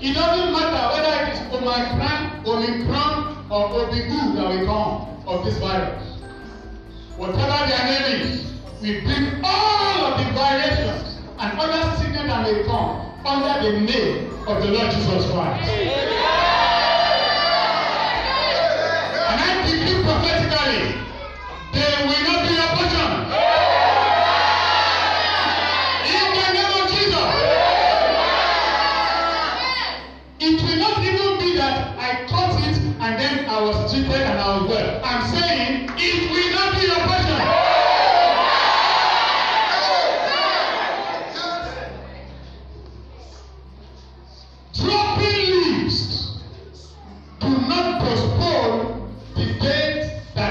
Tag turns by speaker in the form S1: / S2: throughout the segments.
S1: It doesn't matter whether it is Omicron, Omicron, or Obigu that we come of this virus. Whatever their name is, we bring all of the variations and other sickness that may come under the name of the Lord Jesus Christ. And I believe prophetically, they will not be your portion.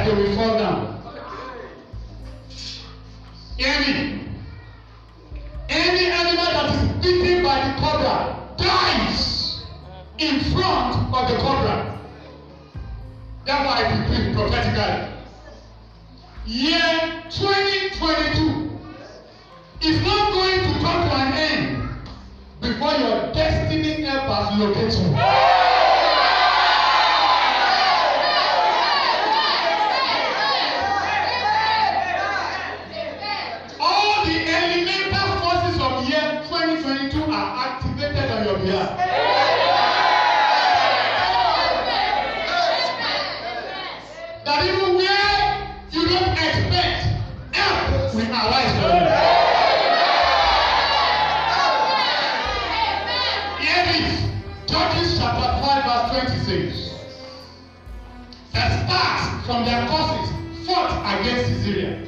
S1: to be fall Any any animal that is eaten by the cobra dies in front of the cobra. That's why I decree prophetically. Saints. The stars from their courses fought against Caesarea.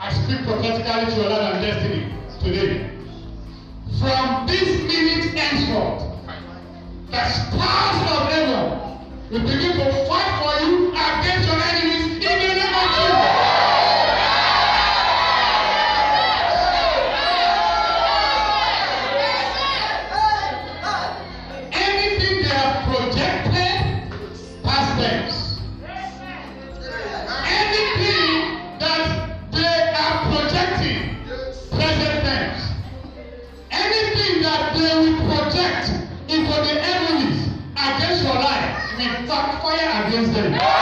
S1: I speak prophetically to your life and destiny today. From this minute henceforth, the stars of heaven will begin to fight for you fire against them.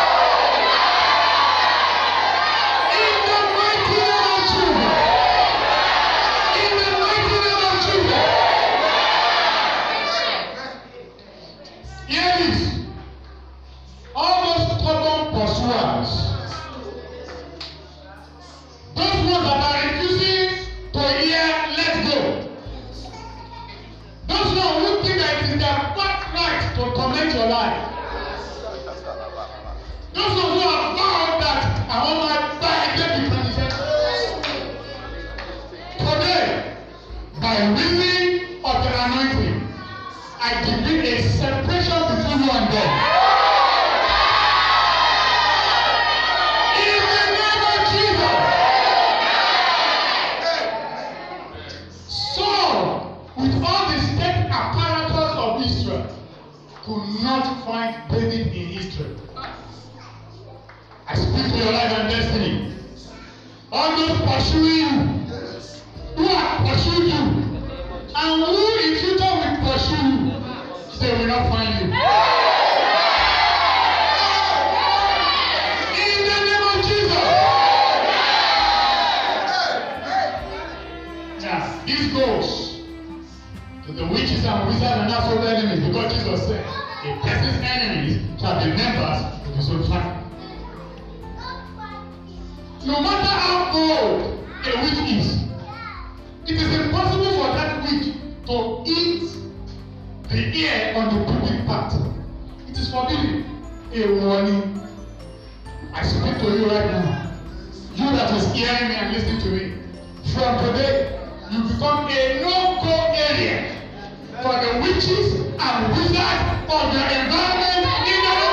S1: Ashley. the ear on the creeping part. It is forbidden. A warning. I speak to you right now. You that is hearing me and listening to me. From today, you become a no-go area for the witches and wizards of your environment in the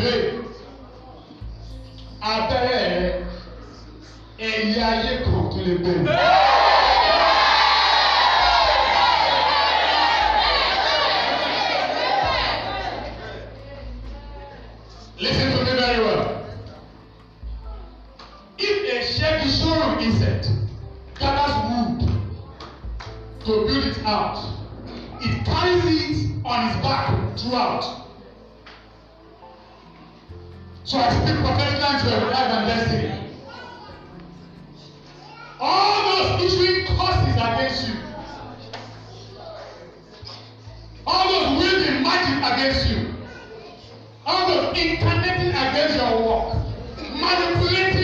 S1: et avec Eliaïe contre les bébés. So I speak prophetically to your life and destiny. All those issuing causes against you. All those wielding magic against you. All those incarnating against your work. Manipulating.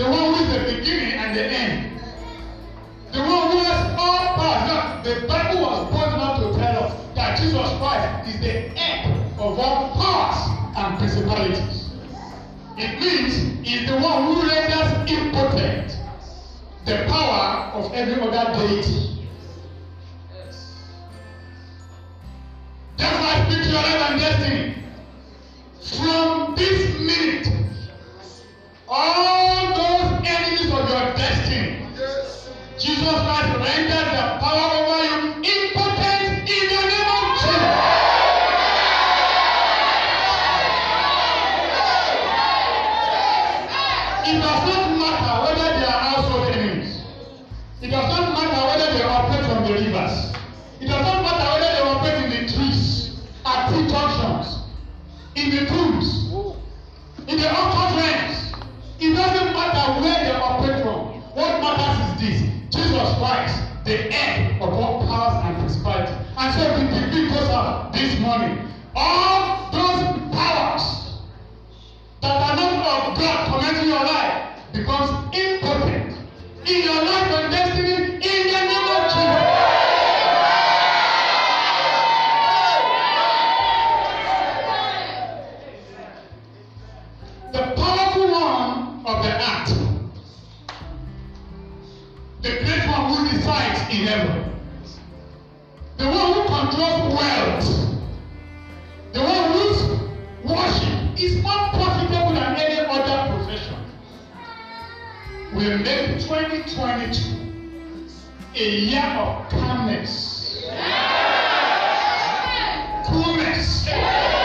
S1: the one who is the beginning and the end, the one who has all power. Now, the Bible was born now to tell us that Jesus Christ is the end of all powers and principalities. It means he's the one who renders impotent the power of every other deity. Yes. That's why spiritual life and destiny. y will make 2022 a year of calmness, yeah. coolness. Yeah.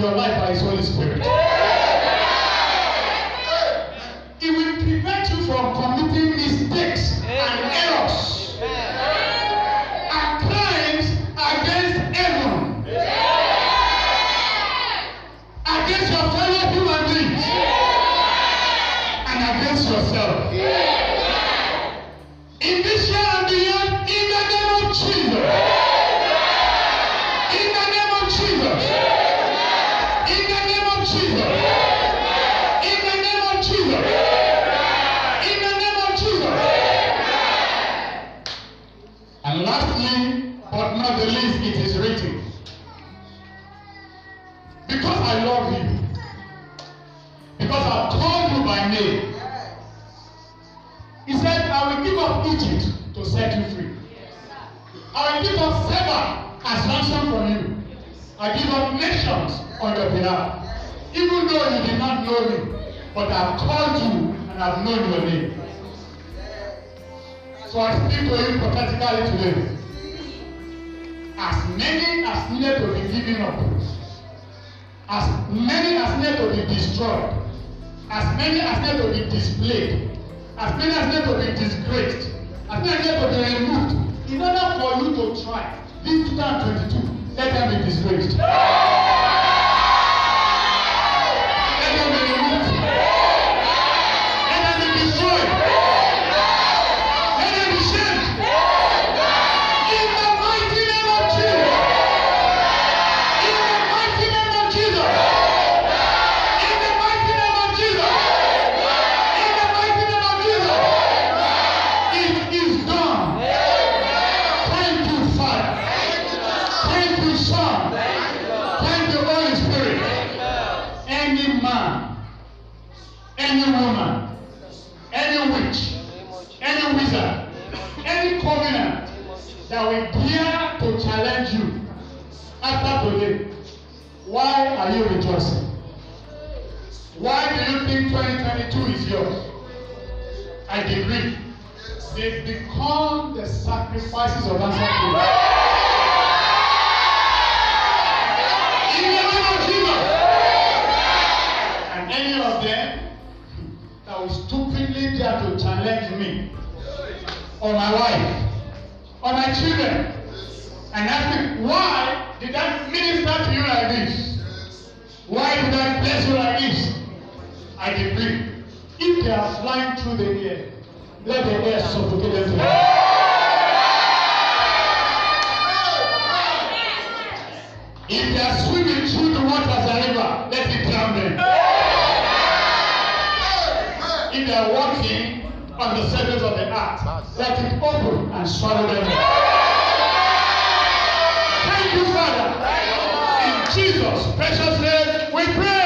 S1: your life by His Holy Spirit. Because I love you. Because I called you by name. He said, I will give up Egypt to set you free. I will give up Seba as ransom for you. I give up nations on your behalf. Even though you did not know me, but I've called you and I've known your name. So I speak to you prophetically today. As many as needed to be given up as many as need to be destroyed as many as need to be displayed as many as need to be disgraced as many as need to be removed in order for you to try this 2022 let them be disgraced. Yeah. any woman, any witch, any wizard, any covenant that will dare to challenge you after today, why are you rejoicing? Why do you think 2022 is yours? I agree. They've become the sacrifices of answer prayer. and children. And asking, why did that minister to you like this? Why did that bless you like this? I decree, if they are flying through the air, let the air suffocate
S2: them. If
S1: they are swimming through the waters of river, let
S2: it drown them. If
S1: they are walking on the surface of the earth. Let it open and swallow them. Thank you, Father. In Jesus' precious name, we pray.